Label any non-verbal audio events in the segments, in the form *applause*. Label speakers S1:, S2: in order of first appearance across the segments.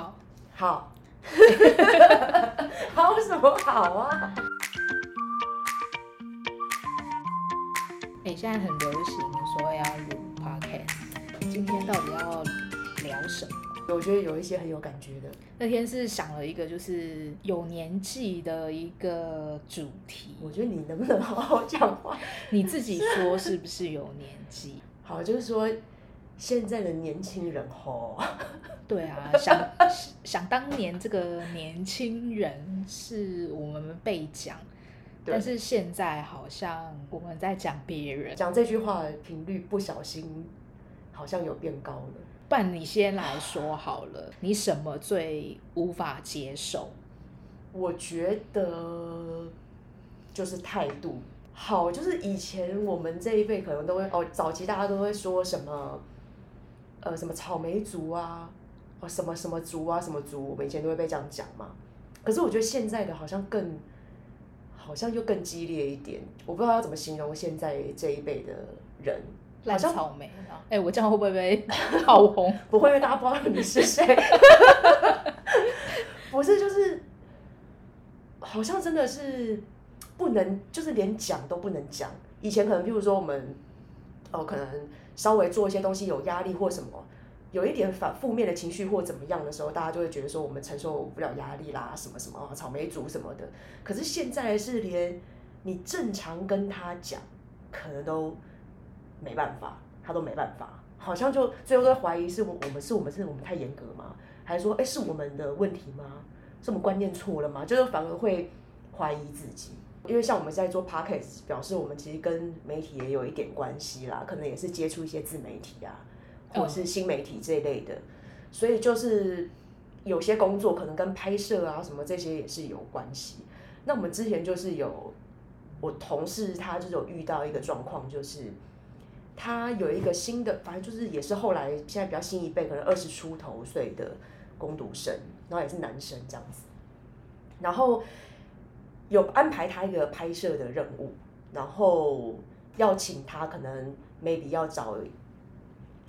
S1: 好，好， *laughs* 好什麼好啊？哎、欸，現在很流行說要錄 podcast，今天到底要聊什麼？我覺得有一些很有感覺的。那天是想了一個，就是有年紀的一個主題。我覺得你能不能好好講話？ *laughs* 你自己說是不是有年紀？好，就是說現在的年輕人齁，對啊，想。想當年，這個年輕人是我們被講，對但是現在好像我們在講別人講這句話的頻率，不小心好像有變高了。不然你先來說好了，你什麼最無法接受？我覺得就是態度好，就是以前我們這一輩可能都會哦，早期大家都會說什麼，呃，什麼草莓族啊。哦、什麼什麼族啊，什麼族？我們以前都會被這樣講嘛。可是我覺得現在的好像更，好像又更激烈一點。我不知道要怎麼形容現在這一輩的人。像草莓、啊，像哎，我這樣會不會被好紅、哦？不會，因為大家不知道你是誰。 *laughs* *laughs* 不是，就是，好像真的是不能，就是連講都不能講。以前可能，譬如說我們，哦，可能稍微做一些東西有壓力或什麼。有一點反負面的情緒或怎麼樣的時候，大家就會覺得說我們承受不了壓力啦什麼什麼草莓族什麼的。可是現在是連你正常跟他講，可能都沒辦法，他都沒辦法，好像就最後都懷疑是我們是我們是我們太嚴格嗎？還是說哎、欸、是我們的問題嗎？是我們觀念錯了嗎？就是反而會懷疑自己，因為像我們在做 Podcast 表示我們其實跟媒體也有一點關係啦，可能也是接觸一些自媒體啊。或是新媒體這一類的，所以就是有些工作可能跟拍攝啊什麼這些也是有關係。那我們之前就是有我同事，他就有遇到一個狀況，就是他有一個新的，反正就是也是後來現在比較新一輩，可能二十出頭歲的工讀生，然後也是男生這樣子，然後有安排他一個拍攝的任務，然後要請他，可能 maybe 要找。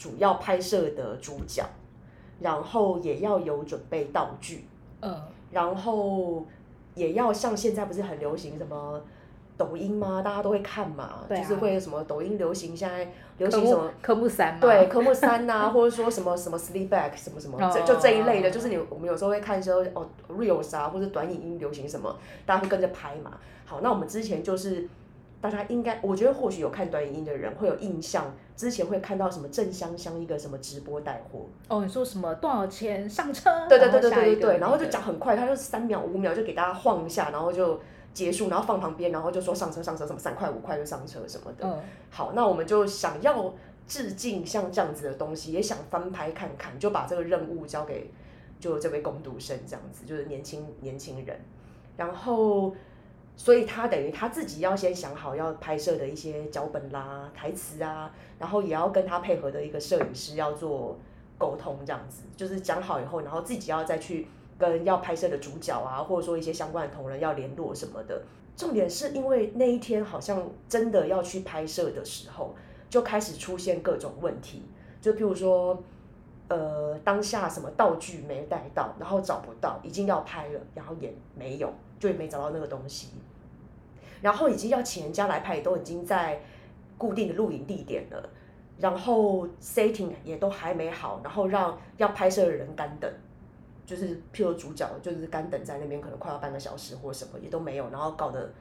S1: 主要拍攝的主角，然後也要有準備道具，嗯，然後也要像現在不是很流行什麼抖音嗎？大家都會看嘛，啊、就是會什麼抖音流行現在流行什麼科目,科目三對科目三吶、啊， *laughs* 或者說什麼什麼 sleep back 什麼什麼，就就這一類的，哦、就是你我們有時候會看一些哦 real 啥，或者短影音流行什麼，大家會跟着拍嘛。好，那我們之前就是。大家應該，我覺得或許有看短影音的人會有印象，之前會看到什麼正香香，一個什麼直播帶貨。哦，你說什麼？多少錢上車？對對對對對對對，哦、然後就講很快，個他就三秒五秒就給大家晃一下，然後就結束，然後放旁邊，然後就說上車上車什麼三塊五塊就上車什麼的。嗯、好，那我們就想要致敬像這樣子的東西，也想翻拍看看，就把這個任務交給就這位工讀生這樣子，就是年輕年輕人，然後。所以他等於他自己要先想好要拍攝的一些腳本啦、台詞啊，然後也要跟他配合的一個攝影師要做溝通，這樣子就是講好以後，然後自己要再去跟要拍攝的主角啊，或者說一些相關的同仁要聯絡什麼的。重點是因為那一天好像真的要去拍攝的時候，就開始出現各種問題，就譬如說，呃，當下什麼道具沒帶到，然後找不到，已經要拍了，然後也沒有。就也沒找到那個東西，然後已經要請人家來拍，也都已經在固定的錄影地點了，然後 setting 也都還沒好，然後讓要拍攝的人乾等，就是譬如主角就是乾等在那邊，可能快要半個小時或什麼也都沒有，然後搞得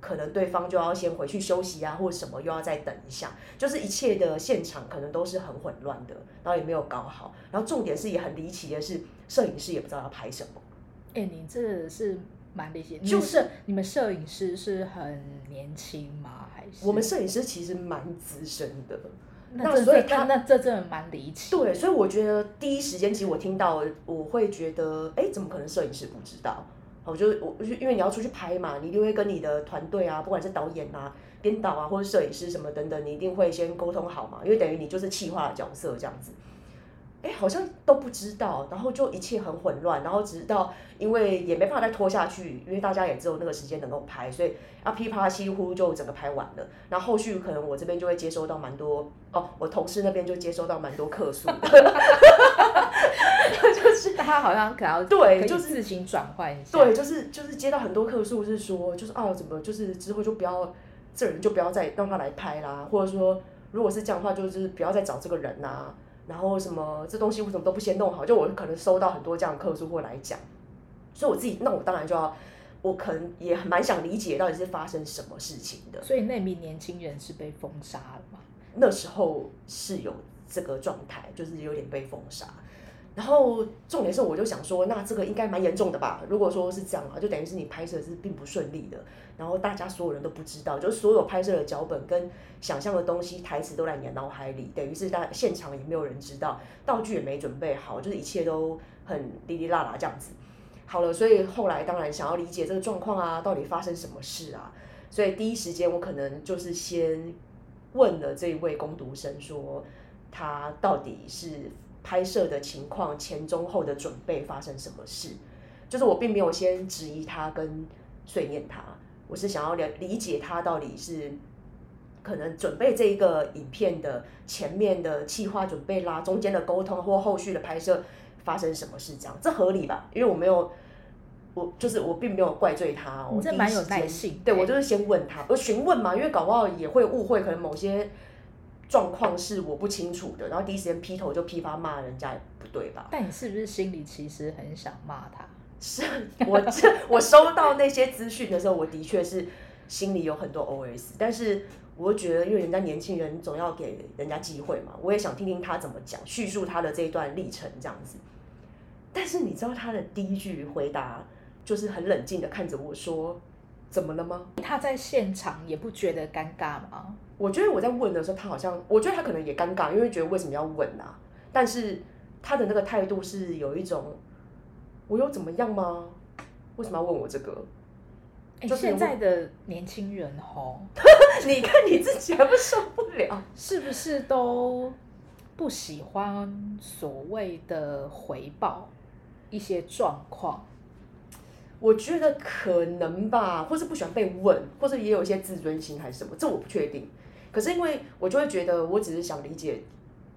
S1: 可能對方就要先回去休息啊，或者什麼又要再等一下，就是一切的現場可能都是很混亂的，然後也沒有搞好，然後重點是也很離奇的是，攝影師也不知道要拍什麼。哎、欸，你這是。蠻離奇，就是你們攝影師是很年輕嗎？還是我們攝影師其實蠻資深的。 *laughs* 那，這的那所以他 *laughs* 那這真的蠻離奇。對，所以我覺得第一時間，其實我聽到我，我會覺得，哎、欸，怎麼可能攝影師不知道？我就，我因為你要出去拍嘛，你一定會跟你的團隊啊，不管是導演啊、編導啊，或者攝影師什麼等等，你一定會先溝通好嘛。因為等於你就是企劃的角色這樣子。誒好像都不知道，然後就一切很混亂，然後直到因為也沒辦法再拖下去，因為大家也只有那個時間能夠拍，所以啊噼啪幾乎就整個拍完了。然後後續可能我這邊就會接收到蠻多哦，我同事那邊就接收到蠻多客訴， *laughs* *laughs* 就是他好像可能對，就是自行轉換，對，就是就是接到很多客訴是說，就是哦、啊、怎麼就是之後就不要這人就不要再讓他來拍啦，或者說如果是這樣的話，就是不要再找這個人啦、啊。然後什麼這東西為什麼都不先弄好？就我可能收到很多這樣的客訴過來講，所以我自己那我當然就要，我可能也蠻想理解到底是發生什麼事情的。所以那名年輕人是被封殺了嗎？那時候是有這個狀態，就是有點被封殺。然後重點是，我就想說，那這個應該蠻嚴重的吧？如果說是這樣啊，就等於是你拍攝是並不順利的。然後大家所有人都不知道，就是所有拍攝的腳本跟想象的東西、台詞都在你的腦海裡，等於是大家現場，也沒有人知道，道具也沒準備好，就是一切都很滴滴啦啦這樣子。好了，所以後來當然想要理解這個狀況啊，到底發生什麼事啊？所以第一時間我可能就是先問了這位工讀生說，他到底是。拍攝的情況、前中後的準備發生什麼事，就是我並沒有先質疑他跟碎念他，我是想要理理解他到底是可能準備這一個影片的前面的企劃準備啦，中間的溝通或後續的拍攝發生什麼事。這樣這合理吧？因為我沒有，我就是我並沒有怪罪他。我、哦、這蠻有耐性，第一時間，對，我就是先問他，我詢問嘛，因為搞不好也會誤會，可能某些。狀況是我不清楚的，然後第一時間劈頭就批發罵人家也不對吧？但你是不是心裡其實很想罵他？是我 *laughs* 我收到那些資訊的時候，我的確是心裡有很多 OS，但是我又覺得，因為人家年輕人總要給人家機會嘛，我也想聽聽他怎麼講，敘述他的這一段歷程這樣子。但是你知道他的第一句回答就是很冷靜的看着我說。怎麼了嗎？他在現場也不覺得尷尬嗎？我覺得我在問的時候，他好像，我覺得他可能也尷尬，因為覺得為什麼要問啊？但是他的那個態度是有一種，我又怎麼樣嗎？為什麼要問我這個？哎、就是，現在的年輕人齁， *laughs* 你看你自己還不受不了、 *laughs* 啊，是不是都不喜歡所謂的回報一些狀況？我覺得可能吧，或是不喜歡被問，或者也有一些自尊心還是什麼，這我不確定。可是因為我就會覺得，我只是想理解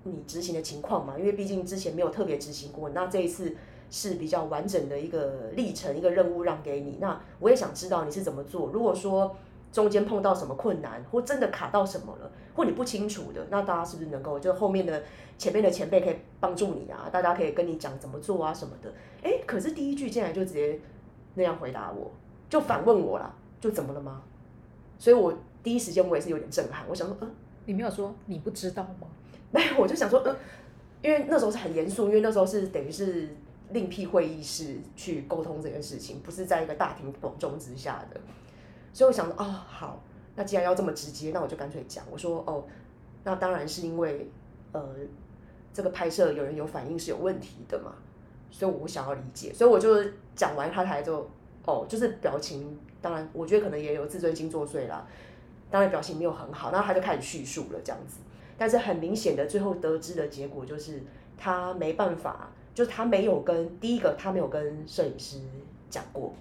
S1: 你執行的情況嘛，因為畢竟之前沒有特別執行過，那這一次是比較完整的一個歷程，一個任務讓給你，那我也想知道你是怎麼做。如果說中間碰到什麼困難，或真的卡到什麼了，或你不清楚的，那大家是不是能夠就後面的前面的前輩可以幫助你啊？大家可以跟你講怎麼做啊什麼的。誒，可是第一句進來就直接。那樣回答我，就反問我啦，就怎麼了嗎？所以，我第一時間我也是有點震撼。我想說，嗯，你沒有說你不知道嗎？沒有，我就想說，嗯，因為那時候是很嚴肅，因為那時候是等於是另闢會議室去溝通這件事情，不是在一個大庭廣眾之下的。所以，我想說，哦，好，那既然要這麼直接，那我就乾脆講。我說，哦，那當然是因為，呃，這個拍攝有人有反應是有問題的嘛。所以我想要理解，所以我就是講完他才就哦，就是表情，當然我覺得可能也有自尊心作祟啦，當然表情沒有很好，然後他就開始敘述了這樣子，但是很明顯的最後得知的結果就是他沒辦法，就是他沒有跟第一個他沒有跟攝影師講過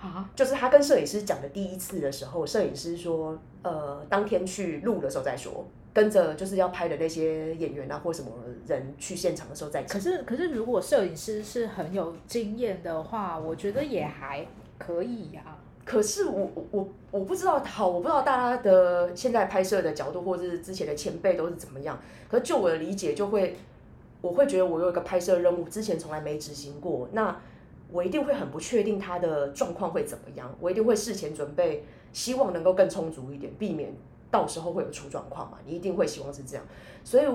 S1: 啊，就是他跟攝影師講的第一次的時候，攝影師說，呃，當天去錄的時候再說。跟着就是要拍的那些演員啊，或什麼人去現場的時候再。可是，可是如果攝影師是很有經驗的話，我覺得也還可以呀，啊。 *laughs* 可是我我我我不知道，好，我不知道大家的現在拍攝的角度，或者是之前的前輩都是怎麼樣。可是就我的理解，就會我會覺得我有一個拍攝任務，之前從來沒執行過，那我一定會很不確定他的狀況會怎麼樣。我一定會事前準備，希望能夠更充足一點，避免。到時候會有出狀況嘛？你一定會希望是這樣，所以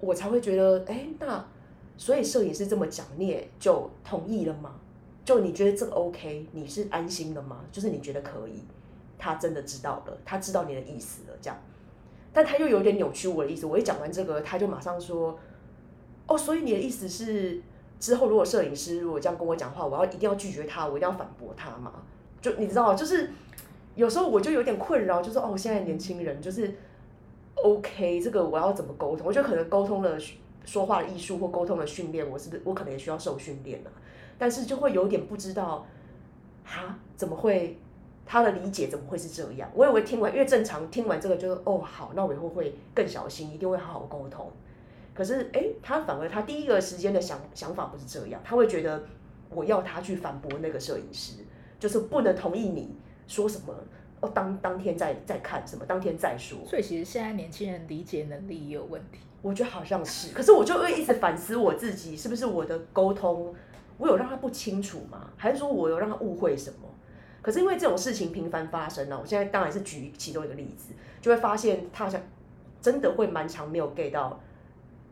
S1: 我才會覺得，哎，那所以攝影師這麼講，你也就同意了嗎？就你覺得這個 OK？你是安心了嗎？就是你覺得可以？他真的知道了，他知道你的意思了，這樣，但他又有點扭曲我的意思。我一講完這個，他就馬上說，哦，所以你的意思是，之後如果攝影師如果這樣跟我講話，我要一定要拒絕他，我一定要反駁他嘛？就你知道，就是。有時候我就有點困擾，就是說哦，我現在年輕人就是，OK，這個我要怎麼溝通？我覺得可能溝通了說話的藝術或溝通的訓練，我是不是我可能也需要受訓練了，但是就會有點不知道，他怎麼會，他的理解怎麼會是這樣？我以為聽完，因為正常聽完這個就是哦，好，那我以後會更小心，一定會好好溝通。可是哎，欸，他反而他第一個時間的想想法不是這樣，他會覺得我要他去反駁那個攝影師，就是不能同意你。說什麼？哦，當當天再再看什麼？當天再說。所以其實現在年輕人理解能力也有問題，我覺得好像是。可是我就會一直反思我自己，是不是我的溝通，我有讓他不清楚嗎？還是說我有讓他誤會什麼？可是因為這種事情頻繁發生哦，我現在當然是舉其中一個例子，就會發現他好像真的會蠻常沒有 get 到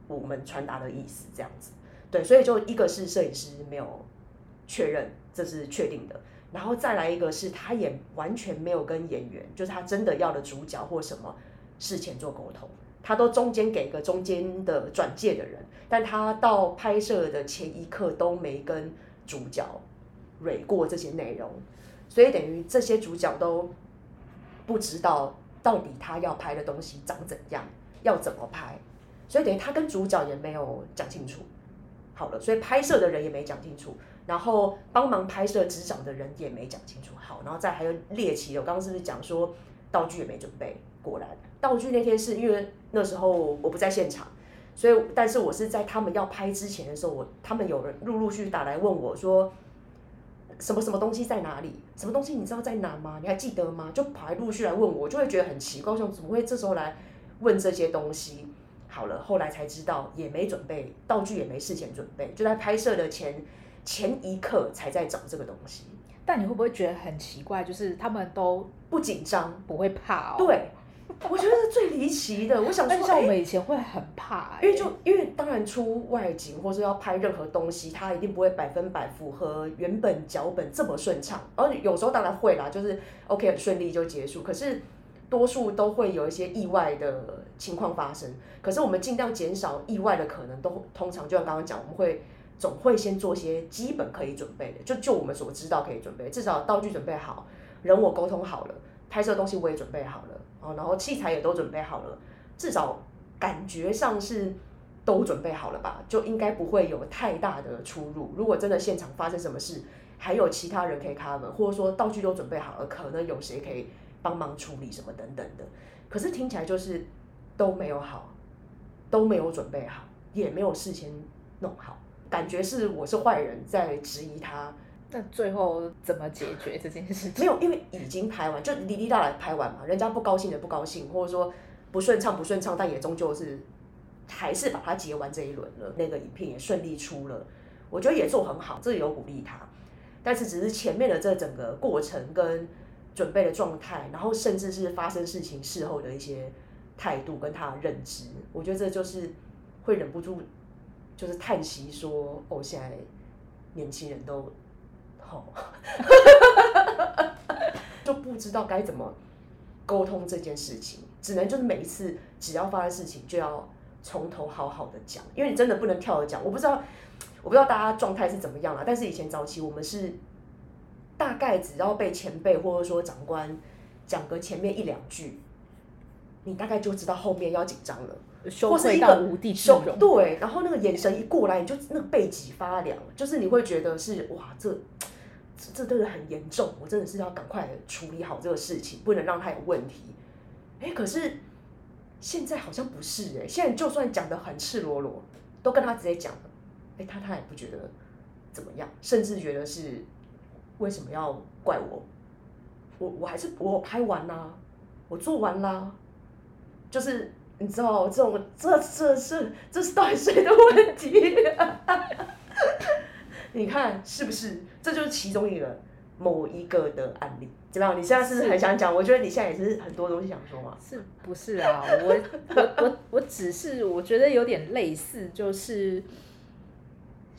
S1: 我們傳達的意思這樣子。對，所以就一個是攝影師沒有確認，這是確定的。然後再來一個是，他也完全沒有跟演員，就是他真的要的主角或什麼事前做溝通，他都中間給個中間的轉介的人，但他到拍攝的前一刻都沒跟主角蕊過這些內容，所以等於這些主角都不知道到底他要拍的東西長怎樣，要怎麼拍，所以等於他跟主角也沒有講清楚。嗯好了，所以拍攝的人也沒講清楚，然後幫忙拍攝執掌的人也沒講清楚，好，然後再還有獵奇，我剛剛是不是講說道具也沒準備？果然道具那天是因為那時候我不在現場，所以但是我是在他們要拍之前的時候，我他們有人陸陸續續打來問我說，什麼什麼東西在哪裡？什麼東西你知道在哪嗎？你還記得嗎？就跑來陸續來問我，我就會覺得很奇怪，我想怎麼會這時候來問這些東西？好了，後來才知道也沒準備道具，也沒事前準備，就在拍攝的前前一刻才在找這個東西。但你會不會覺得很奇怪，就是他們都不緊張，不會怕哦。對， *laughs* 我覺得是最離奇的。我想說， *laughs* 像我們以前會很怕欸，因為就因為當然出外景或是要拍任何東西，它一定不會百分百符合原本腳本這麼順暢。而有時候當然會啦，就是 OK 很順利就結束。沒錯。可是多數都會有一些意外的情況發生，可是我們儘量減少意外的可能都。都通常就像剛剛講，我們會總會先做些基本可以準備的，就就我們所知道可以準備，至少道具準備好，人我溝通好了，拍攝東西我也準備好了，哦，然後器材也都準備好了，至少感覺上是都準備好了吧，就應該不會有太大的出入。如果真的現場發生什麼事，還有其他人可以 cover，或者說道具都準備好了，可能有誰可以。幫忙處理什麼等等的，可是聽起來就是都沒有好，都沒有準備好，也沒有事先弄好，感覺是我是壞人在質疑他。但最後怎麼解決這件事情？ *laughs* 沒有，因為已經拍完，就滴滴答答拍完嘛，人家不高興的不高興，或者說不順暢不順暢，但也終究是還是把它結完這一輪了，那個影片也順利出了，我覺得也做很好，這裡有鼓勵他，但是只是前面的這整個過程跟。準備的狀態，然後甚至是發生事情事後的一些態度跟他的認知，我覺得這就是會忍不住就是嘆息說，哦，現在年輕人都好，哦、 *laughs* *laughs* 就不知道該怎麼溝通這件事情，只能就是每一次只要發生事情就要從頭好好的講，因為你真的不能跳着講。我不知道，我不知道大家狀態是怎麼樣了、啊，但是以前早期我們是。大概只要被前輩或者說長官講個前面一兩句，你大概就知道後面要緊張了，羞愧到無地自容。對，然後那個眼神一過來，嗯、你就那個背脊發涼，就是你會覺得是哇，這這，這真的很嚴重，我真的是要趕快處理好這個事情，不能讓他有問題。哎、欸，可是現在好像不是哎、欸，現在就算講得很赤裸裸，都跟他直接講了，哎、欸，他他也不覺得怎麼樣，甚至覺得是。為什麼要怪我？我我還是我拍完啦，我做完啦，就是你知道這種這這這這是到底誰的問題啊？ *laughs* 你看是不是？這就是其中一個某一個的案例，怎麼樣？你現在是不是很想講？是我覺得你現在也是很多東西想說嘛？是不是啊？我我我只是我覺得有點類似，就是。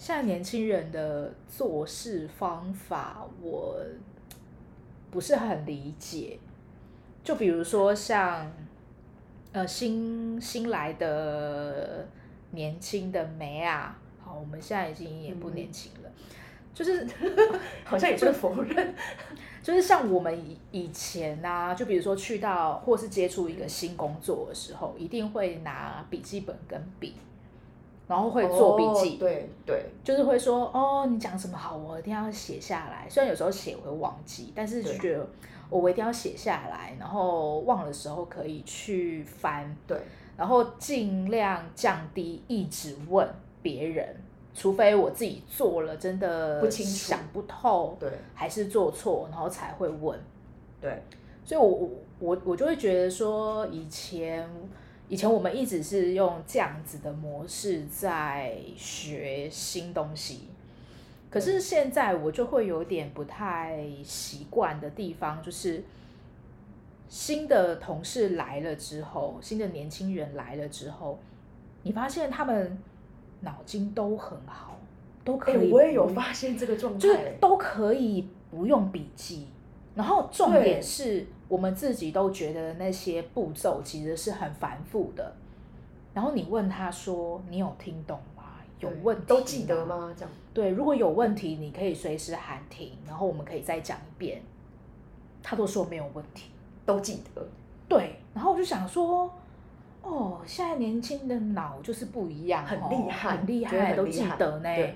S1: 現在年輕人的做事方法，我不是很理解。就比如說像，呃，新新來的年輕的妹啊，好，我們現在已經也不年輕了，嗯、就是好像也是否認。 *laughs* 就是像我們以以前啊，就比如說去到或是接觸一個新工作的時候，一定會拿筆記本跟筆。然後會做筆記，對、oh, 對，對就是會說哦，你講什麼好，我一定要寫下來。雖然有時候寫會忘記，但是就覺得對我一定要寫下來，然後忘了時候可以去翻。對，然後盡量降低一直問別人，除非我自己做了真的不，不清楚、想不透，對，還是做錯，然後才會問。對，對，所以我我我我就會覺得說以前。以前我們一直是用這樣子的模式在學新東西，可是現在我就會有點不太習慣的地方，就是新的同事來了之後，新的年輕人來了之後，你發現他們腦筋都很好，都可以、欸，我也有發現這個狀態，就都可以不用筆記。然後重點是我們自己都覺得那些步驟其實是很繁複的。然後你問他說：“你有聽懂嗎？對有問題嗎，都記得嗎？”這樣對，如果有問題，你可以隨時喊停，然後我們可以再講一遍。他都說沒有問題，都記得。對，然後我就想說，哦，現在年輕的腦就是不一樣、哦，很厲害，很厲害，厲害都記得呢。對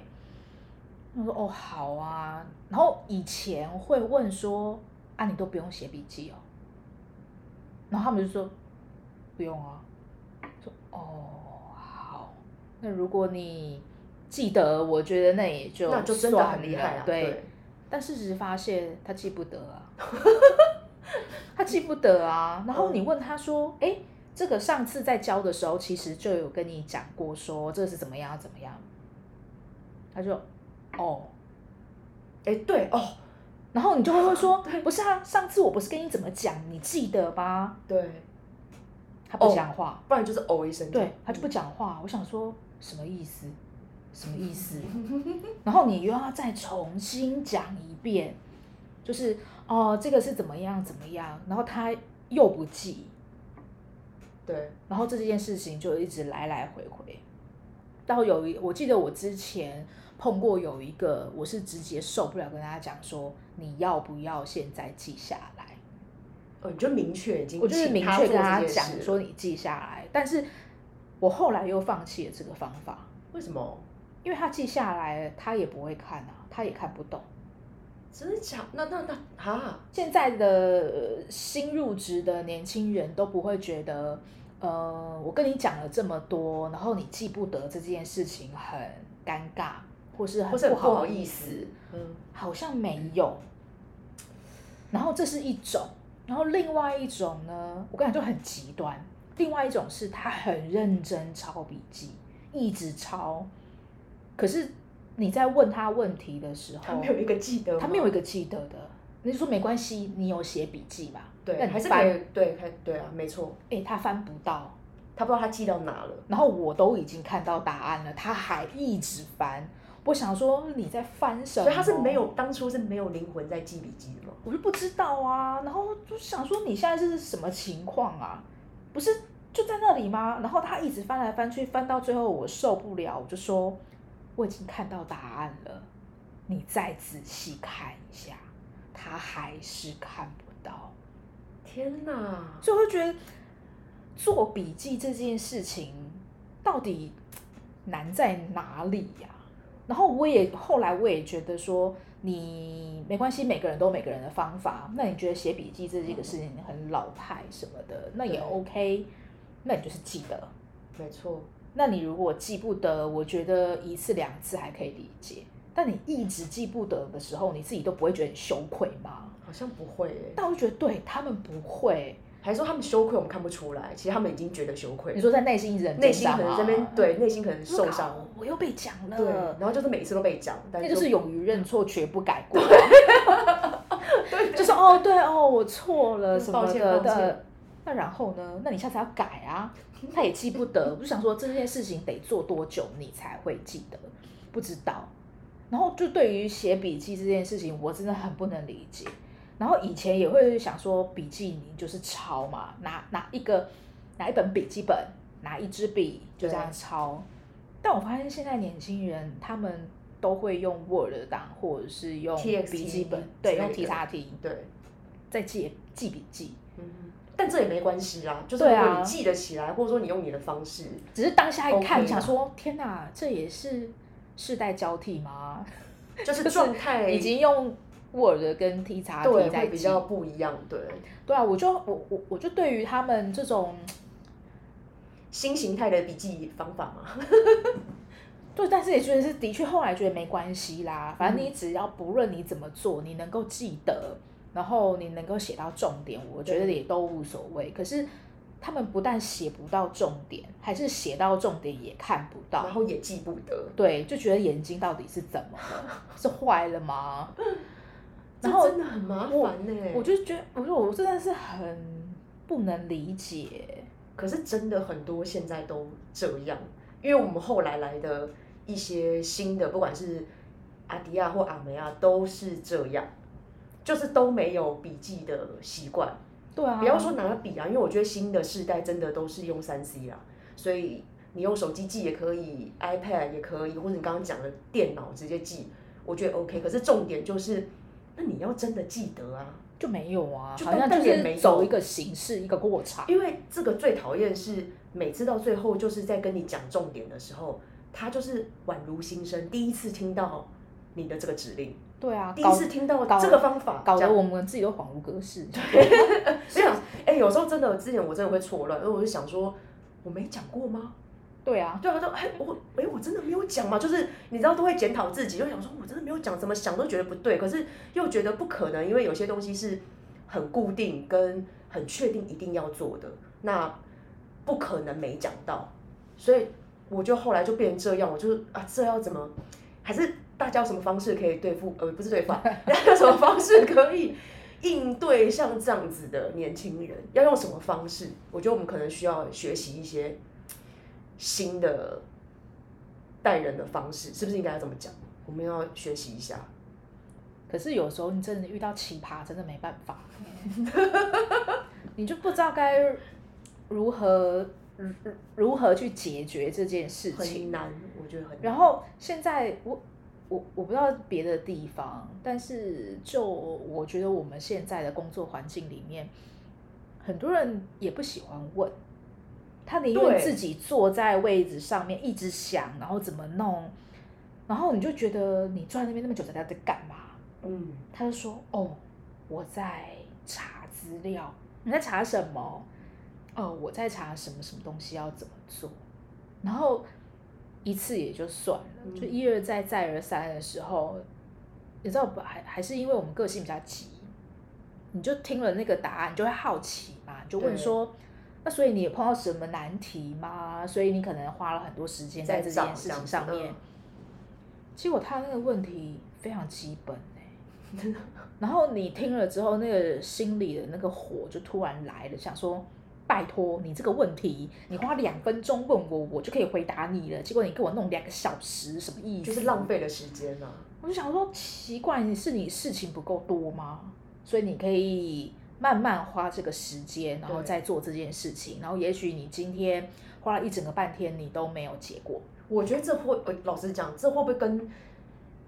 S1: 他說：“哦，好啊。然後以前會問說，啊，你都不用寫筆記哦。然後他們就說，嗯、不用啊。說哦，好。那如果你記得，我覺得那也就那就真的很厲害了。對。對，但事實發現他記不得啊， *laughs* *laughs* 他記不得啊。然後你問他說，哎、嗯，這個上次在教的時候，其實就有跟你講過說，說這是怎麼樣，怎麼樣。他就。”哦，哎、oh. 欸，對哦，oh. 然後你就會說，oh, 對不是啊，上次我不是跟你怎麼講，你記得吧？」對，他不講話，oh, 不然就是哦、oh、一聲，對他就不講話。我想說，什麼意思？什麼意思？ *laughs* 然後你又要再重新講一遍，就是哦，oh, 這個是怎麼樣怎麼樣，然後他又不記，對，然後這件事情就一直來來回回，到有一，我記得我之前。碰過有一個，我是直接受不了，跟大家講說，你要不要現在記下來？呃、哦，你就明確已經，我就是明確跟他講說你記下來，了但是我後來又放棄了這個方法。為什麼？因為他記下來，他也不會看啊，他也看不懂。真的假？那那那哈，現在的、呃、新入職的年輕人都不會覺得，呃，我跟你講了這麼多，然後你記不得這件事情，很尷尬。或是很不好意思，嗯，好像沒有。嗯、然後這是一種，然後另外一種呢，我感覺就很極端。另外一種是他很認真抄筆記，嗯、一直抄。可是你在問他問題的時候，他沒有一個記得，他沒有一個記得的。你是說沒關係，你有寫筆記吧對，那你？對，還是翻？對，對啊，沒錯、欸。他翻不到，他不知道他記到哪了、嗯。然後我都已經看到答案了，他還一直翻。我想說，你在翻什麼？所以他是沒有當初是沒有靈魂在記筆記的，我就不知道啊，然後就想說，你現在這是什麼情況啊？不是就在那裡嗎？然後他一直翻來翻去，翻到最後我受不了，我就說，我已經看到答案了，你再仔細看一下。他還是看不到。天哪！所以我就會覺得做筆記這件事情到底難在哪裡呀、啊？然後我也後來我也覺得說，你沒關係，每個人都有每個人的方法。那你覺得寫筆記這是一個事情很老派什麼的，那也 OK 對。那你就是記得了，沒錯。那你如果記不得，我覺得一次兩次還可以理解，但你一直記不得的時候，你自己都不會覺得你羞愧嗎？好像不會耶，但我覺得對他們不會。還說他們羞愧，我們看不出來。其實他們已經覺得羞愧。你說在內心人，內心可能在邊、嗯、對，內心可能受傷、啊。我又被講了。對，然後就是每一次都被講。嗯、但就那就是勇於認錯，嗯、絕不改過、啊。 *laughs* 對就是哦，對哦，我錯了什麼的、的。那，抱歉抱歉，那然後呢？那你下次要改啊。他也記不得，我想說這件事情得做多久你才會記得？不知道。然後就對於寫筆記這件事情，我真的很不能理解。然後以前也會想說，筆記你就是抄嘛，拿拿一個拿一本筆記本，拿一支筆就這樣抄。但我發現現在年輕人他們都會用 Word 檔或者是用筆記本，對，用 txt，對，在記記筆記。嗯，但這也沒關係啊，就是如果你記得起來，或者說你用你的方式，只是當下一看想說，天哪，這也是世代交替嗎？
S2: 就是狀態已經
S1: 用。word 跟 T 查題會比較不一樣，對。對啊，我就我我我就對於他們這種新形態的筆記方法嘛， *laughs* 對。但是也覺得是的確，後來覺得沒關係啦，反正你只要不論你怎麼做，你能夠記得，嗯、然後你能夠寫到重點，我覺得也都無所謂。對可是他們不但寫不到重點，還是寫到重點也看不到，然後也記不得。對，就覺得眼睛到底是怎麼了？ *laughs* 是壞了嗎？真的很麻煩呢、欸，我就覺得，我說我真的是很不能理解。可是真的很多現在都這樣，因為我們後來來的一些新的，不管是阿弟仔、啊、或阿妹仔、啊，都是這樣，就是都沒有筆記的習慣。對啊，不要說拿筆啊，因為我覺得新的世代真的都是用三 C 啦、啊，所以你用手機記也可以，iPad 也可以，或者你剛剛講的電腦直接記，我覺得 OK、嗯。可是重點就是。那你要真的記得啊，就沒有啊，就都好像就是也沒走一個形式，嗯、一個過場，因為這個最討厭是每次到最後就是在跟你講重點的時候，他就是宛如新生，第一次聽到你的這個指令，對啊，第一次聽到這個方法，搞，講搞得我們自己都恍如隔世。這有，哎，有時候真的，之前我真的會錯亂，因為我就想說，我沒講過嗎？對啊，對啊，對啊，就哎我哎我真的沒有講嘛，就是你知道都會檢討自己，就想說我真的沒有講，怎麼想都覺得不對，可是又覺得不可能，因為有些東西是很固定跟很確定一定要做的，那不可能沒講到，所以我就後來就變成這樣，我就啊這要怎麼，還是大家有什麼方式可以對付，呃，不是對付，大家有什麼方式可以應對像這樣子的年輕人，要用什麼方式？我覺得我們可能需要學習一些。新的待人的方式，是不是應該要怎麼講？我們要學習一下。可是有時候你真的遇到奇葩，真的沒辦法， *laughs* 你就不知道該如何如何去解決這件事情。很難，我覺得很難。然後現在我我我不知道別的地方，但是就我覺得我們現在的工作環境裡面，很多人也不喜歡問。他寧願自己坐在位子上面一直想，對然後怎麼弄，然後你就覺得你坐在那邊那麼久在，他在幹嘛？嗯，他就說：“哦，我在查資料。嗯”你在查什麼？哦，我在查什麼什麼東西要怎麼做？然後一次也就算了，嗯、就一而再，再而三的時候，嗯、你知道不？還還是因為我們個性比較急，你就聽了那個答案，你就會好奇嘛，就問說。那所以你也碰到什麼難題嗎？所以你可能花了很多時間在這件事情上面。結果他那個問題非常基本欸，然後你聽了之後，那個心裡的那個火就突然來了，想說：拜托，你這個問題，你花兩分鐘問我，我就可以回答你了。結果你給我弄兩個小時，什麼意思？就是浪費了時間呢。我就想說，奇怪，是你事情不夠多嗎？所以你可以。慢慢花這個時間，然後再做這件事情，對然後也許你今天花了一整個半天，你都沒有結果。我覺得這會，老實講，這會不會跟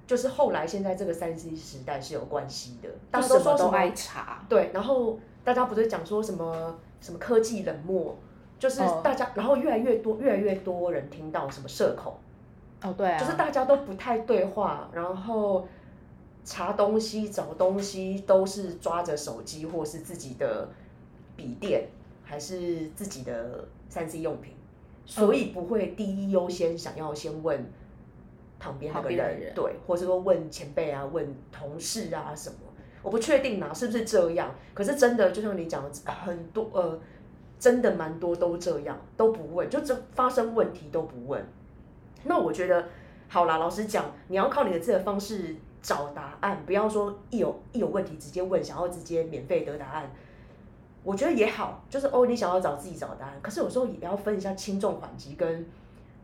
S1: 就是後來現在這個三 C 時代是有關係的？大家都說什麼都愛查，對，然後大家不是講說什麼什麼科技冷漠，就是大家，哦、然後越來越多，越來越多人聽到什麼社恐，哦對、啊，就是大家都不太對話，然後。查東西、找東西都是抓着手機或是自己的筆電，還是自己的三 C 用品，所以不會第一優先想要先問旁邊那個人，人對，或者說問前輩啊、問同事啊什麼。我不確定吶、啊，是不是這樣？可是真的，就像你講的，很多呃，真的蠻多都這樣，都不問，就這發生問題都不問。那我覺得，好了，老實講，你要靠你的這個方式。找答案，不要說一有一有問題直接問，想要直接免費得答案，我覺得也好，就是哦，你想要找自己找答案，可是有時候也要分一下輕重緩急跟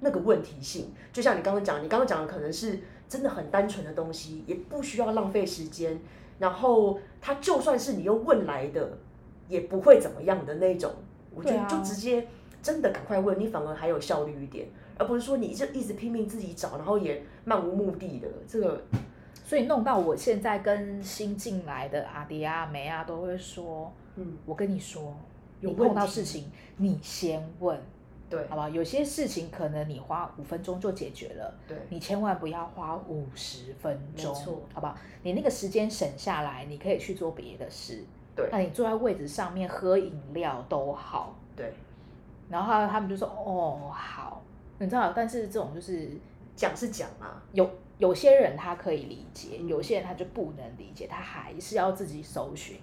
S1: 那個問題性。就像你剛剛講，你剛剛講的可能是真的很單純的東西，也不需要浪費時間。然後他就算是你又問來的，也不會怎麼樣的那種，我覺得你就直接真的趕快問，你反而還有效率一點，而不是說你就一直拼命自己找，然後也漫無目的的這個。所以弄到我現在跟新進來的阿弟啊、妹啊都會說，嗯，我跟你說，你碰到事情你先問，對，好不好？有些事情可能你花五分鐘就解決了，對，你千萬不要花五十分鐘，沒錯，好不好？你那個時間省下來，你可以去做別的事，對，那你坐在位置上面喝飲料都好，對。然後他們就說，哦，好，你知道，但是這種就是講是講啊，有。有些人他可以理解，嗯、有些人他就不能理解，他還是要自己搜尋，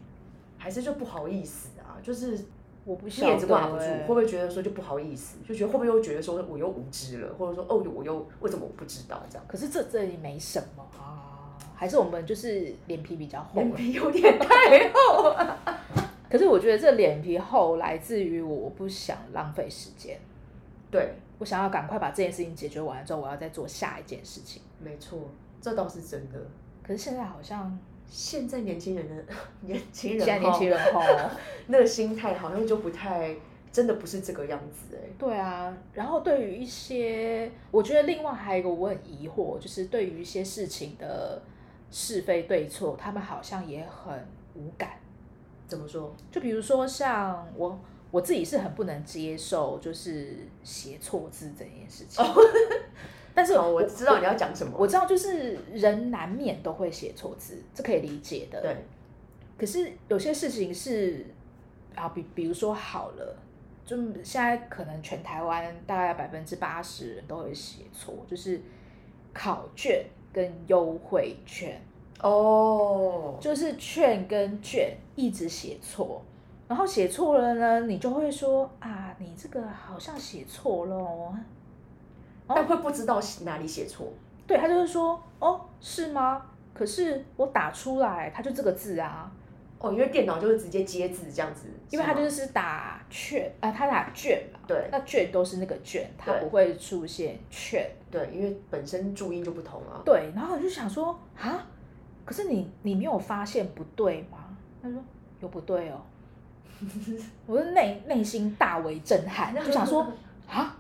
S1: 還是就不好意思啊，嗯、就是我不面子掛不住，會不會覺得說就不好意思，就覺得會不會又覺得說我又無知了，或者說哦我又，我又為什麼我不知道這樣？可是這這也沒什麼啊，還是我們就是臉皮比較厚，臉皮有點太厚了。 *laughs* *laughs* 可是我覺得這臉皮厚來自於我不想浪費時間。對，我想要趕快把這件事情解決完之後，我要再做下一件事情。沒錯，這倒是真的。可是現在好像現在年輕人的年輕人現在年輕人哈， *laughs* 那個心態好像就不太真的不是這個樣子哎。對啊，然後對於一些，我覺得另外還有一個我很疑惑，就是對於一些事情的是非對錯，他們好像也很無感。怎麼說？就比如說像我。我自己是很不能接受，就是寫錯字這件事情。哦、但是我，哦、我知道你要講什麼，我知道就是人難免都會寫錯字，這可以理解的。對。可是有些事情是啊，比如比如說好了，就現在可能全台灣大概百分之八十人都會寫錯，就是考卷跟優惠券哦，就是券跟卷一直寫錯。然後寫錯了呢，你就會說啊，你這個好像寫錯嘍，oh, 但會不知道哪裡寫錯。對，他就是說哦，是嗎？可是我打出來，他就這個字啊。哦，因為電腦就是直接接字這樣子，因為他就是打卷啊是嗎？、呃，他打卷嘛，對，那卷都是那個卷，他不會出現卷，對，因為本身注音就不同啊。對，然後我就想說啊，可是你你沒有發現不對嗎？他說有不對哦。 *laughs* 我的內內心大為震撼，那就想說啊，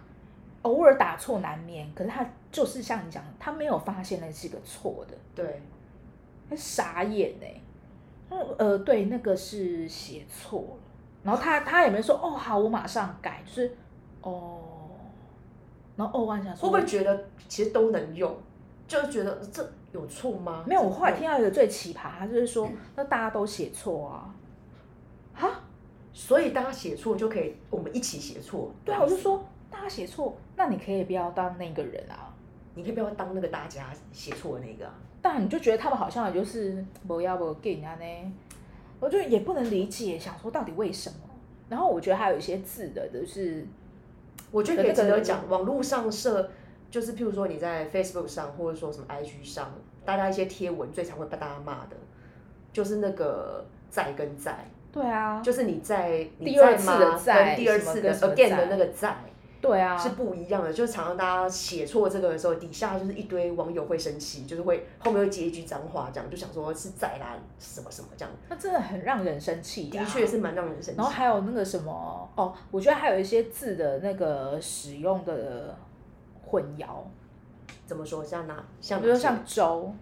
S1: 偶爾打錯難免，可是他就是像你講，他沒有發現那是個錯的，對，他傻眼呢，嗯。呃，對，那個是寫錯了，然後他他也沒說哦，好，我馬上改，就是哦，然後哦，我想說，會不會覺得其實都能用，就覺得這有錯嗎？沒有，我後來聽到一個最奇葩，他對就是說，那大家都寫錯啊。所以大家寫錯就可以，我們一起寫錯。是對啊，我就說大家寫錯，那你可以不要當那個人啊，你可以不要當那個大家寫錯的那個、啊。但你就覺得他們好像也就是不要不要給人家呢，我就也不能理解，想說到底為什麼。然後我覺得還有一些字的，就是我覺得可以值得講。網絡上設就是譬如說你在 Facebook 上或者說什麼 IG 上，大家一些貼文最常會被大家罵的，就是那個在跟在。對啊，就是你在你在第二次的在，跟第二次的 Again，呃、的那個在，
S2: 對啊，是
S1: 不一樣的。就是常常大家寫錯這個的時候，底下就是一堆網友會生氣，就是會後面會接一句髒話，這樣就想說是在啦什麼什麼這樣。那真的很讓人生氣，啊，的確是蠻讓人生氣。然後還有那個什麼哦，我覺得還有一些字的那個使用的混淆，怎麼說像那，像比如說像周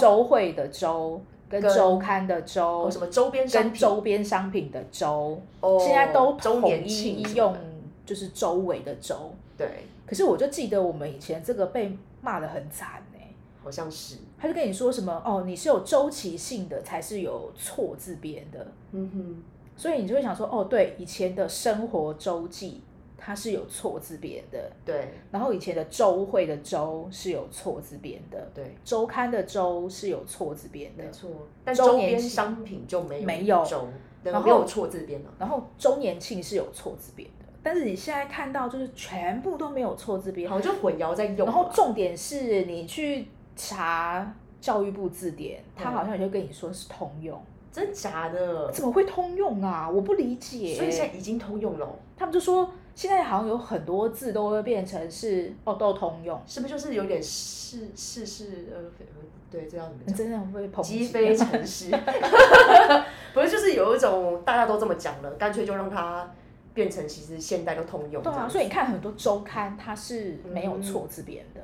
S1: 周會的周。Oh. 跟周刊的周、哦，什麼周邊跟周邊商品的周，哦、現在都統一用就是周圍的周。對，可是我就記得我們以前這個被罵得很慘哎、欸，好像是。他就跟你說什麼哦，你是有周期性的，才是有錯字邊的。嗯哼，所以你就會想說哦，對，以前的生活周記。它是有錯字邊的，對。然後以前的周會的周是有錯字邊的，對。周刊的周是有錯字邊的，沒錯。但周邊商品就沒有然後然後沒有周、啊，有錯字邊的，然後周年慶是有錯字邊的，但是你現在看到就是全部都沒有錯字邊，然後就混淆在用。然後重點是你去查教育部字典，嗯、他好像也就跟你說是通用。真的假的？怎麼會通用啊？我不理解。所以現在已經通用了，嗯、他們就說。現在好像有很多字都會變成是哦都通用，是不是，就是有點是是是，呃，對，這樣子，真的會積非成是， *laughs* *laughs* 不是，就是有一種大家都這麼講了，乾脆就讓它變成，其實現代都通用，對啊，所以你看很多周刊它是沒有錯字邊的。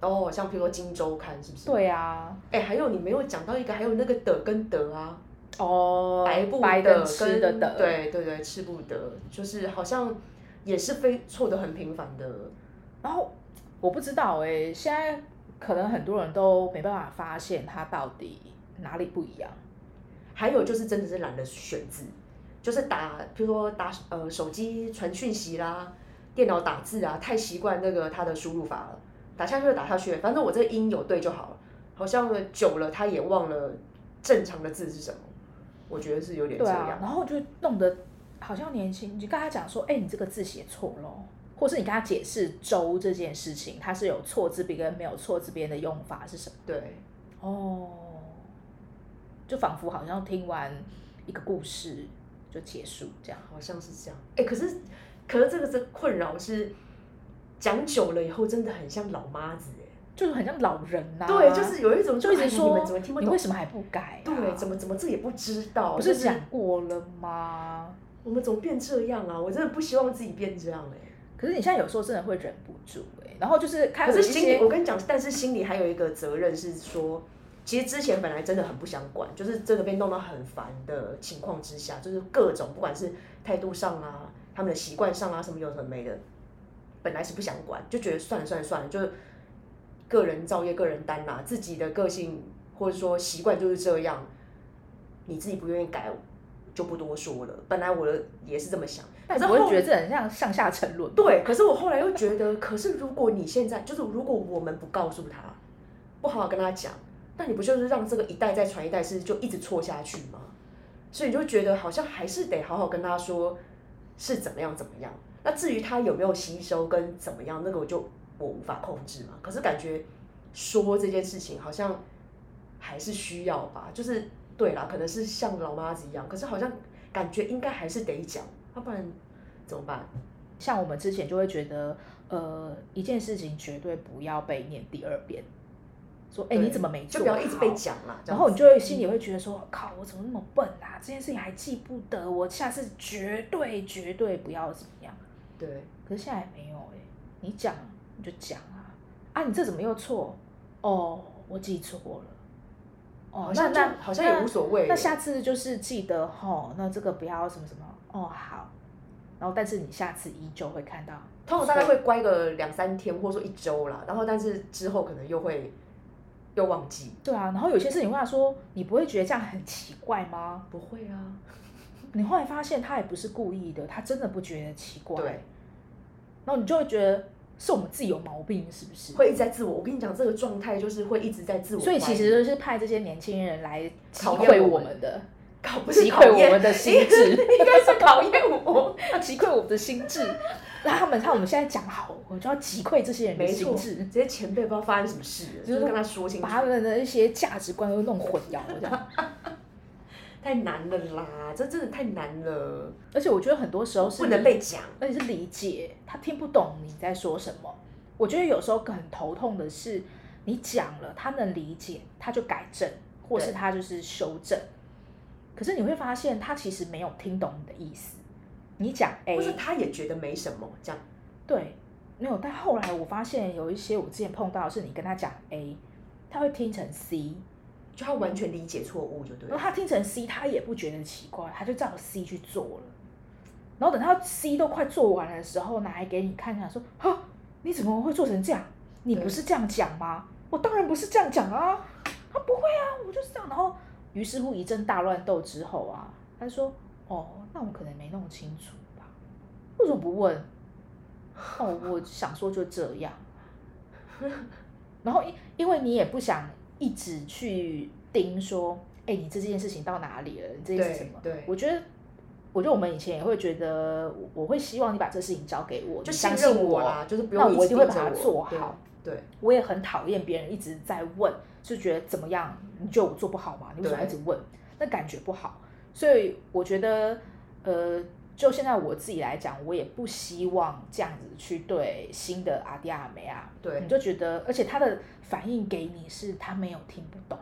S1: 哦、嗯，oh, 像比如說《今周刊》是不是？對啊。哎、欸，還有你沒有講到一個，還有那個的跟得啊。哦。Oh, 白不白的跟得，對對對，吃不得，就是好像。也是非錯的很頻繁的，然後我不知道誒，現在可能很多人都沒辦法發現他到底哪裡不一樣。還有就是真的是懶得選字，就是打，譬如說打呃手機傳訊息啦，電腦打字啊，太習慣這個他的輸入法了，打下去就打下去，反正我這個音有對就好了。好像久了他也忘了正常的字是什麼，我覺得是有點這樣，啊、然後就弄得。好像年輕，你就跟他講說，哎、欸，你這個字寫錯嘍，或是你跟他解釋“週”這件事情，它是有錯字別跟沒有錯字別的用法是什麼？對，哦，就仿佛好像聽完一個故事就結束這樣，好像是這樣。哎、欸，可是可是這個這困擾是講久了以後，真的很像老媽子哎，就是很像老人吶、啊。對，就是有一種就是說，你們怎麼聽不懂，你為什麼還不改、啊？對，怎麼怎麼自己也不知道？不是講過了嗎？就是我們怎麼變這樣了、啊？我真的不希望自己變這樣哎、欸。可是你現在有時候真的會忍不住哎、欸，然後就是開始。可是心裡，我跟你講，但是心裡還有一個責任是說，其實之前本來真的很不想管，就是這個被弄到很煩的情況之下，就是各種不管是態度上啊、他們的習慣上啊什麼有的沒的，本來是不想管，就覺得算了算了算了，就是個人造業，個人擔啦，自己的個性或者說習慣就是這樣，你自己不願意改。就不多說了。本來我的也是這麼想，但是我就覺得這很像向下沉淪。對，可是我後來又覺得，可是如果你現在就是如果我們不告訴他，不好好跟他講，那你不就是讓這個一代再傳一代是就一直錯下去嗎？所以你就覺得好像還是得好好跟他說是怎麼樣怎麼樣。那至於他有沒有吸收跟怎麼樣，那個我就我無法控制嘛。可是感覺說這件事情好像還是需要吧，就是。對啦，可能是像老媽子一樣，可是好像感覺應該還是得講，要不然怎麼辦？像我們之前就會覺得，呃，一件事情絕對不要被念第二遍。說，哎對，你怎麼沒做？就不要一直被講了，然後你就會心裡會覺得說，嗯、靠，我怎麼那麼笨啊？這件事情還記不得我，我下次絕對絕對不要怎麼樣。對，可是現在沒有哎、欸，你講你就講啊，啊，你這怎麼又錯？哦，我記錯了。哦，oh, 那，就那好像也無所謂。那下次就是記得齁、哦，那這個不要什麼什麼哦，好。然後，但是你下次依舊會看到，通常大概會乖個兩三天，以或者說一周啦。然後，但是之後可能又會又忘記。對啊，然後有些事情，話說，你不會覺得這樣很奇怪嗎？嗯、不會啊。 *laughs* 你後來發現他也不是故意的，他真的不覺得奇怪。對。然後你就會覺得。是我們自己有毛病，是不是？會一直在自我。我跟你講，這個狀態就是會一直在自我。所以其實就是派這些年輕人來擊潰我們的，擊潰我，我們的心智。應該是考驗我， *laughs* 要擊潰我們的心智。那 *laughs* 他們看我們現在講好，我就要擊潰這些人的心智。這些前輩不知道發生什麼事了，嗯、就是跟他說清楚，把他們的一些價值觀都弄混淆了。這樣 *laughs* 太難了啦，哎、呀這真的太難了。而且我覺得很多時候是不能被講，而且是理解，他聽不懂你在說什麼。我覺得有時候很頭痛的是，你講了他能理解，他就改正，或是他就是修正。對可是你會發現他其實沒有聽懂你的意思。你講 A，或是他也覺得沒什麼講。對，沒有。但後來我發現有一些我之前碰到的是，你跟他講 A，他會聽成 C。就他完全理解錯誤就對了，嗯、然後他聽成 C，他也不覺得奇怪，他就照 C 去做了。然後等他 C 都快做完了的時候，拿來給你看一下，說：“哈，你怎麼會做成這樣？你不是這樣講嗎？”對我當然不是這樣講啊，他不會啊，我就是這樣。然後於是乎一陣大亂鬥之後啊，他說：“哦，那我可能沒弄清楚吧？為什麼不問？那我、 *laughs* 哦、我想說就這樣。 *laughs* ”然後因因為你也不想。一直去盯說，哎、欸，你這件事情到哪裡了？你這件事情什麼？對對，我覺得，我覺得我們以前也會覺得，我會希望你把這事情交給我，就相信我相信我，就是不用，那我一定會把它做好。對，對我也很討厭別人一直在問，就覺得怎麼樣？你就我做不好嘛？你為什麼一直問？對那感覺不好。所以我覺得，呃。就現在我自己來講，我也不希望這樣子去對新的阿弟阿妹啊。對，你就覺得，而且他的反應給你是他沒有聽不懂，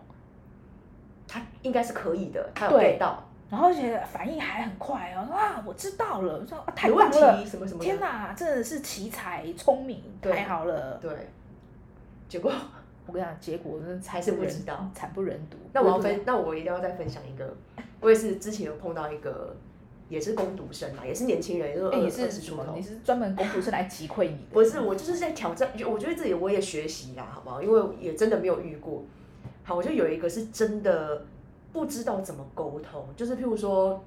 S1: 他應該是可以的，他有對到，對然後而且反應還很快哦，啊，我知道了，說啊太了有問題哪什麼什麼，天哪，真的是奇才，聰明，對太好了對。對，結果我跟你講，結果還是不知道，慘不忍睹。那我要分，對對對，那我一定要再分享一個，我也是之前有碰到一個。也是工讀生嘛，也是年輕人，也、就是二十、呃、出頭，你是專門工讀生來擊潰你？ *laughs* 不是，我就是在挑戰，我覺得自己我也學習啦，好不好？因為也真的沒有遇過。好，我就有一個是真的不知道怎麼溝通，就是譬如說，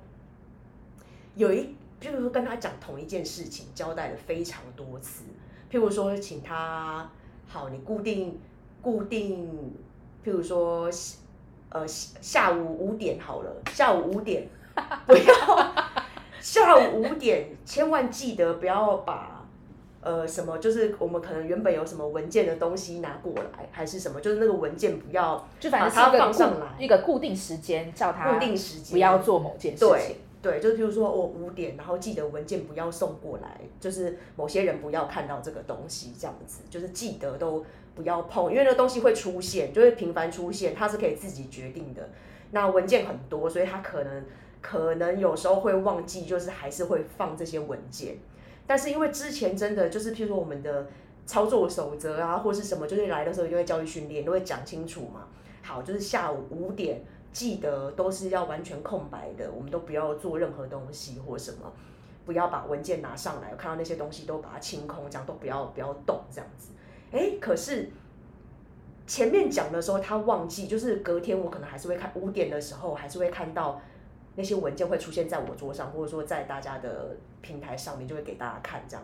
S1: 有一譬如說跟他講同一件事情，交代了非常多次，譬如說請他好，你固定固定，譬如說呃下午五點好了，下午五點不要。 *laughs* *laughs* 下午五點，千萬記得不要把，呃，什麼就是我們可能原本有什麼文件的東西拿過來，還是什麼，就是那個文件不要放上來，就反正他一,一個固定時間叫他固定時間不要做某件事情，對，對，就是譬如說我五點，然後記得文件不要送過來，就是某些人不要看到這個東西，這樣子，就是記得都不要碰，因為那個東西會出現，就會、是、頻繁出現，他是可以自己決定的。那文件很多，所以他可能。可能有時候會忘記，就是還是會放這些文件。但是因為之前真的就是，譬如說我們的操作守則啊，或是什麼，就是來的時候就會教育訓練，都會講清楚嘛。好，就是下午五點記得都是要完全空白的，我們都不要做任何東西或什麼，不要把文件拿上來。我看到那些東西都把它清空，這樣都不要不要動這樣子。哎，可是前面講的時候他忘記，就是隔天我可能還是會看五點的時候還是會看到。那些文件會出現在我桌上，或者說在大家的平台上面，就會給大家看，這樣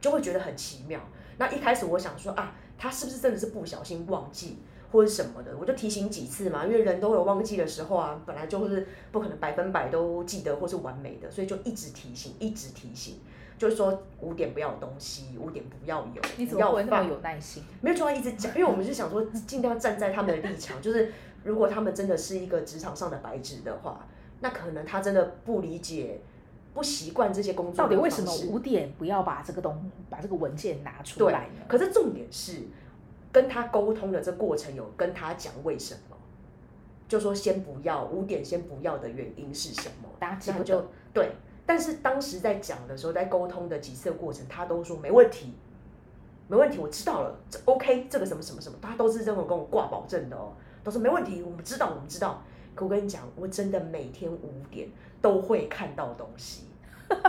S1: 就會覺得很奇妙。那一開始我想說啊，他是不是真的是不小心忘記或者什麼的？我就提醒幾次嘛，因為人都有忘記的時候啊，本來就是不可能百分百都記得或是完美的，所以就一直提醒，一直提醒，就是說五點不要有東西，五點不要有。你怎麼會這麼有耐心？沒有說要，一直講，因為我們是想說盡量站在他們的立場， *laughs* 就是如果他們真的是一個職場上的白紙的話。那可能他真的不理解、不習慣這些工作。到底為什麼五點不要把這個東西、把這個文件拿出來？對。可是重點是，跟他溝通的這過程有跟他講為什麼？就說先不要，五點先不要的原因是什麼？大家聽不懂。對。但是當時在講的時候，在溝通的幾次的過程，他都說沒問題，沒問題，我知道了、這，OK，這個什麼什麼什麼，他都是這麼跟我掛保證的哦，都說沒問題，我們知道，我們知道。我跟你講，我真的每天五點都會看到東西，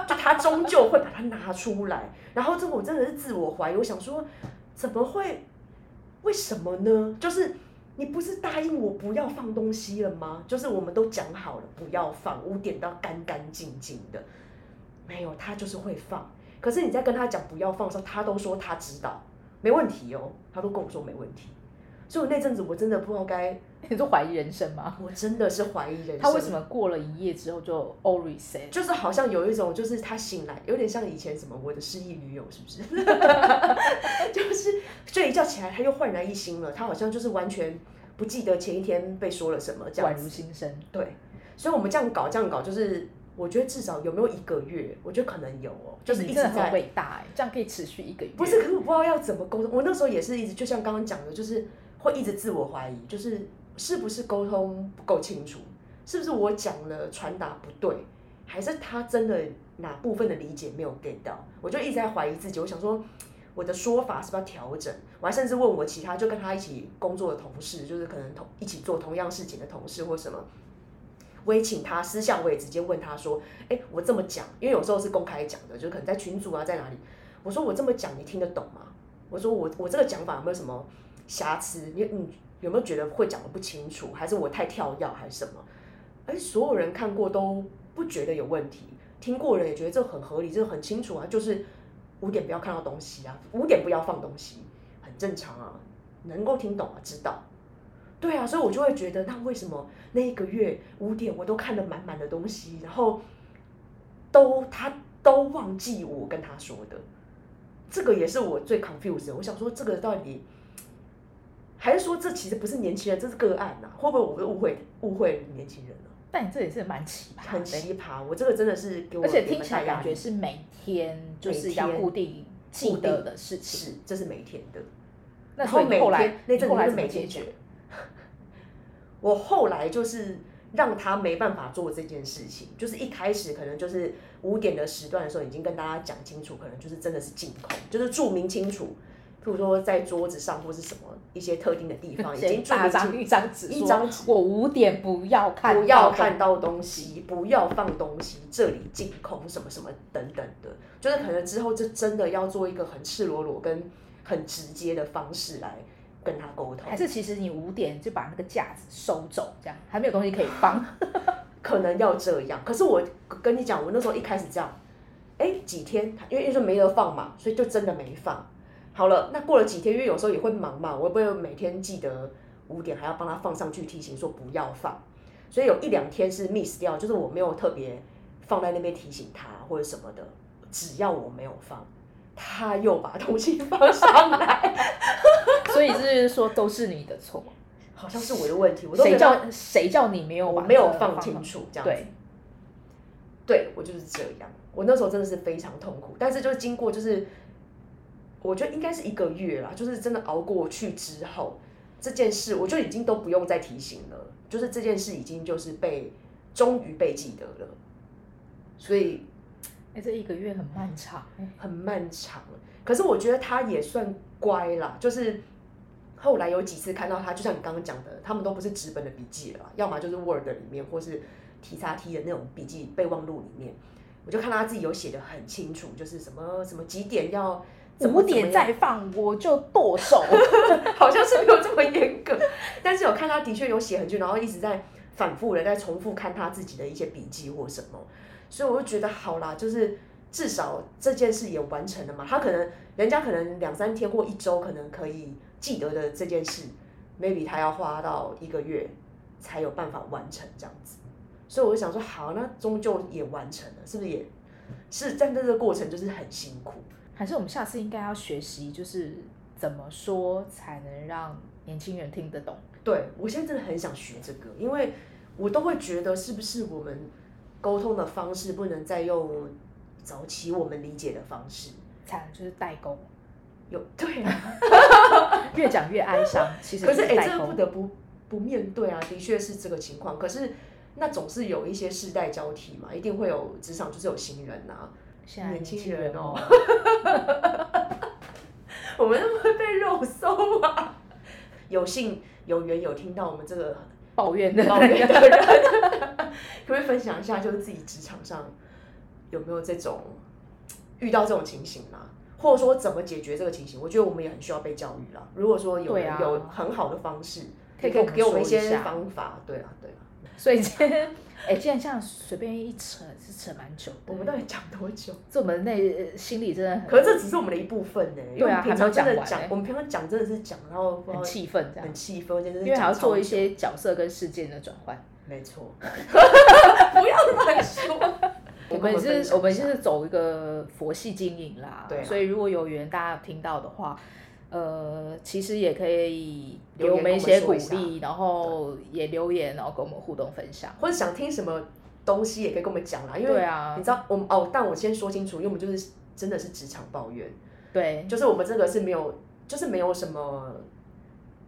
S1: 就他終究會把它拿出來。然後這我真的是自我懷疑，我想說怎麼會？為什麼呢？就是你不是答應我不要放東西了嗎？就是我們都講好了不要放，五點到乾乾淨淨的。沒有，他就是會放。可是你在跟他講不要放的時候，他都說他知道，沒問題哦，他都跟我說沒問題。所以我那陣子我真的不知道該。你是懷疑人生嗎？我真的是懷疑人生。他為什麼過了一夜之後就 all reset？就是好像有一種，就是他醒來有點像以前什麼我的失憶女友是不是？ *laughs* *laughs* 就是睡一覺起來他又煥然一新了，他好像就是完全不記得前一天被說了什麼，這樣宛如新生。對，所以我們這樣搞，這樣搞，就是我覺得至少有沒有一個月？我覺得可能有，哦，是很就是一直在偉大哎，這樣可以持續一個月。不是，可是我不知道要怎麼溝通。我那時候也是一直就像剛剛講的，就是會一直自我懷疑，就是。是不是溝通不夠清楚？是不是我講了傳達不對？還是他真的哪部分的理解沒有 get 到？我就一直在懷疑自己。我想說，我的說法是不是要調整？我還甚至問我其他就跟他一起工作的同事，就是可能同一起做同樣事情的同事或什麼，我也請他私下，我也直接問他說：“誒、欸，我這麼講，因為有時候是公開講的，就可能在群組啊，在哪裡，我說我這麼講，你聽得懂嗎？我說我我這個講法有沒有什麼瑕疵？你你。嗯”有沒有覺得會講得不清楚，還是我太跳躍還是什麼？而、欸、所有人看過都不覺得有問題，聽過人也覺得這很合理，這很清楚啊。就是五點不要看到東西啊，五點不要放東西，很正常啊，能夠聽懂啊，知道。對啊，所以我就會覺得，那為什麼那一個月五點我都看得滿滿的東西，然後都他都忘記我跟他說的？這個也是我最 confused 的。我想說，這個到底？還是說這其實不是年輕人，這是個案吶、啊？會不會我們誤會誤會年輕人了？但你這也是蠻奇葩的，很奇葩。我這個真的是給我，而且聽起來感覺是每天就是要固定、固定、固定的事情，是這是每天的。那後來那後，後來沒解決。解決？ *laughs* 我後來就是讓他沒辦法做這件事情，就是一開始可能就是五點的時段的時候，已經跟大家講清楚，可能就是真的是禁空，就是注明清楚。比如說在桌子上或是什麼一些特定的地方，已經大張一張紙，一張紙。我五點不要看，不要看到東西，不要放東西，這裡淨空，什麼什麼等等的，就是可能之後就真的要做一個很赤裸裸、跟很直接的方式來跟他溝通。還是其實你五點就把那個架子收走，這樣還沒有東西可以放， *laughs* 可能要這樣。可是我跟你講，我那時候一開始這樣，哎、欸，幾天，因為因為沒得放嘛，所以就真的沒放。好了，那過了幾天，因為有時候也會忙嘛，我會不會每天記得五點還要幫他放上去提醒說不要放，所以有一兩天是 miss 掉，就是我沒有特別放在那邊提醒他或者什麼的，只要我沒有放，他又把東西放上來，所以就是，是說都是你的錯，好像是我的問題，誰叫誰叫，叫你沒有我沒有放清楚這樣子，對，對我就是這樣，我那時候真的是非常痛苦，但是就是經過就是。我覺得應該是一個月啦，就是真的熬過去之後，這件事我就已經都不用再提醒了，就是這件事已經就是被終於被記得了。所以，哎，這一個月很漫長，很漫長。可是我覺得他也算乖啦，就是後來有幾次看到他，就像你剛剛講的，他們都不是紙本的筆記了，要麼就是 Word 裡面，或是 TXT 的那種筆記備忘錄裡面，我就看到他自己有寫的很清楚，就是什麼什麼幾點要。
S2: 怎麼怎麼五點再
S1: 放我就剁手。 *laughs* *laughs* 好像是沒有這麼嚴格。但是我看到他的確有寫很久，然後一直在反覆的在重複看他自己的一些筆記或什麼，所以我就覺得好啦，就是至少這件事也完成了嘛。他可能人家可能兩三天或一週可能可以記得的這件事，maybe 他要花到一個月才有辦法完成這樣子。所以我就想說，好啊，那終究也完成了，是不是也是在這，這個過程就是很辛苦。還是我們下次應該要學習，就是怎麼說才能讓年輕人聽得懂？對我現在真的很想學這個，因為我都會覺得是不是我們溝通的方式不能再用早期我們理解的方式，才能就是代溝。有對、啊， *laughs* *laughs* 越講越哀傷。其實是可是哎、欸，這不得不不面對啊，的確是這個情況。可是那總是有一些世代交替嘛，一定會有職場就是有新人吶、啊。現在年輕人哦， *laughs* 我們會不會被肉搜啊？有幸有緣有聽到我們這個抱怨的抱怨的人，可不可以分享一下，就是自己職場上有沒有這種遇到這種情形啊？或者說怎麼解決這個情形？我覺得我們也很需要被教育了。如果說有有很好的方式，可以給我們一些方法。對啊，對啊，啊，所以今天。哎，既然這樣隨便一扯，是扯蠻久。我們到底講多久？這我們內心裡真的很……可是這只是我們的一部分呢。對啊，還沒有講完。我們平常講真的是講，然後很氣憤，很氣憤，因為還要做一些角色跟事件的轉換。沒錯，不要亂說。我們是，我們是走一個佛系經營啦。對。所以如果有緣，大家有聽到的話。呃，其實也可以留給我們一些鼓勵，然後也留言，對然後跟我們互動分享，或者想聽什麼東西也可以跟我們講啦。對啊、因為你知道我們哦，但我先說清楚，因為我們就是真的是職場抱怨，對，就是我們這個是沒有，就是沒有什麼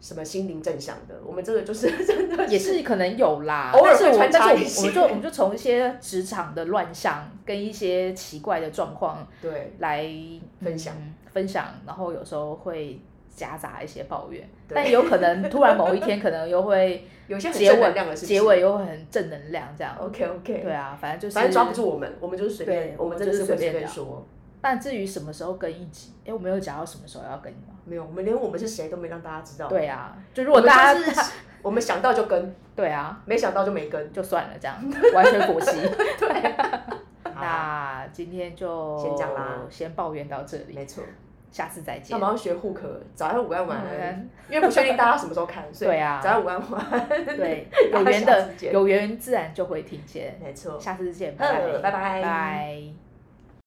S1: 什麼心靈正向的。我們這個就是真的 *laughs* 也是可能有啦，偶爾會穿插一些我，我們就我們就從一些職場的亂象跟一些奇怪的狀況來對來、嗯、分享。分享，然後有時候會夾雜一些抱怨，但有可能突然某一天可能又會有些結尾結尾又很正能量這樣。OK OK，對啊，反正就是反正抓不住我們，我們就是隨便，我們真的是隨便說。但至於什麼時候更一集，欸，我們又講到什麼時候要更，沒有，我們連我們是誰都沒讓大家知道。對啊，就如果大家我們想到就跟，對啊，沒想到就沒跟，就算了這樣，完全可惜。對，那今天就先講啦，先抱怨到這裡，沒錯。下次再見。我們要學護課，早安午安晚安，嗯、因為不確定大家什麼時候看， *laughs* 對啊、所以早安午安晚安。對，有緣的， *laughs* 見有緣自然就會聽見。沒錯錯，下次再見，拜拜呵呵拜，拜。拜拜拜拜。